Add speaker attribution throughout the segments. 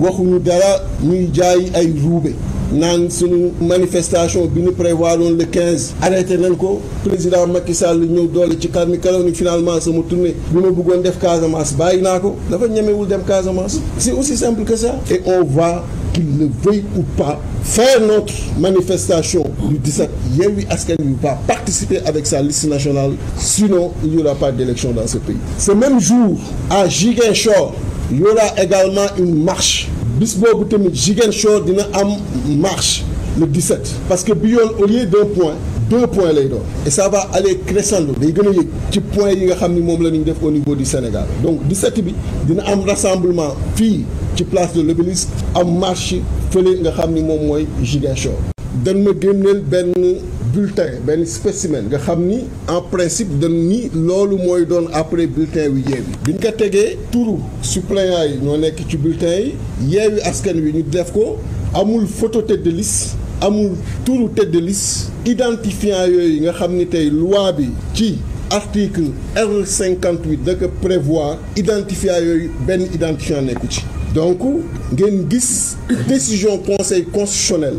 Speaker 1: waxuñu dara ñuy jaay ay ruube naan suñu manifestation bi ñu prévoir woon le 15 arrêté nañ ko président Macky Sall ñëw doole ci kàr mi kalaw ni finalement sama tournée bi ma bëggoon def Casamance bàyyi naa ko dafa ñemewul dem Casamance c'est aussi simple que ça et on va qu'il le veuille ou pas faire notre manifestation du 17 Yewwi Askan Wi va participer avec sa liste nationale sinon il n'y aura pas d'élection dans ce pays ce même jour à Ziguinchor y aura également une marche bis boobu tamit Ziguinchor dina am marche le 17 parce que bi yoon au lieu d'un point deux points lay doon et ça va aller crescendo day gën a yëg ci point yi nga xam ni moom la ñu def au niveau du Sénégal donc 17 bi dina am rassemblement fii ci place de l'Obélisque am marche fële nga xam ni moom mooy Ziguinchor. dañ ma génneel benn. bulletin benn spécimen nga xam ni en principe dañ ni loolu mooy doon après bulletin wi yeewi bi ñu ko tegee turu suppléant yi ñoo nekk ci bulletin yi yeewi askan wi ñu def ko amul photo tête de liste amul turu tête de yi nga xam ni tey loi bi ci article R58 da ko prévoir identifiant yooyu benn identifiant nekku ci donc ngeen gis décision conseil constitutionnel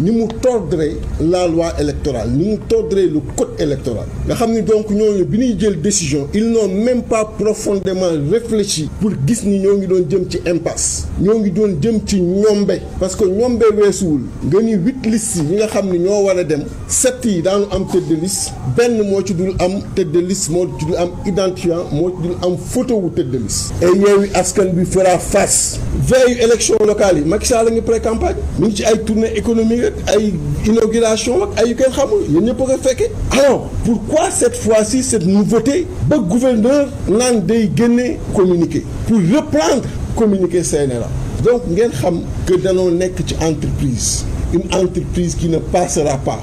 Speaker 1: ni mu tordre la loi électorale ni mu tordre lu code électoral nga xam ni donc ñooñu bi ñuy jël décision ils n'ont même pas profondément réfléchi pour gis ni ñoo ngi doon jëm ci impasse ñoo ngi doon jëm ci ñombe parce que ñombe weesuwul nga ni huit listes yi nga xam ni ñoo war a dem sept yi daanu am tête de liste benn moo ci dul am tête de moo ci dul am identifiant moo ci dul am photo wu tête de liste Askan Wi fera face veille élection locale yi Macky Sall a ngi pré-campagne ngi ci ay tournée économique ay inauguration ak ay yu kenn xamul yéen ñëpp a ko fekkee alors pourquoi cette fois-ci cette nouveauté ba gouverneur naan day génne communiqué pour reprendre communiqué la donc ngeen xam que danoo nekk ci entreprise une entreprise qui ne passera pas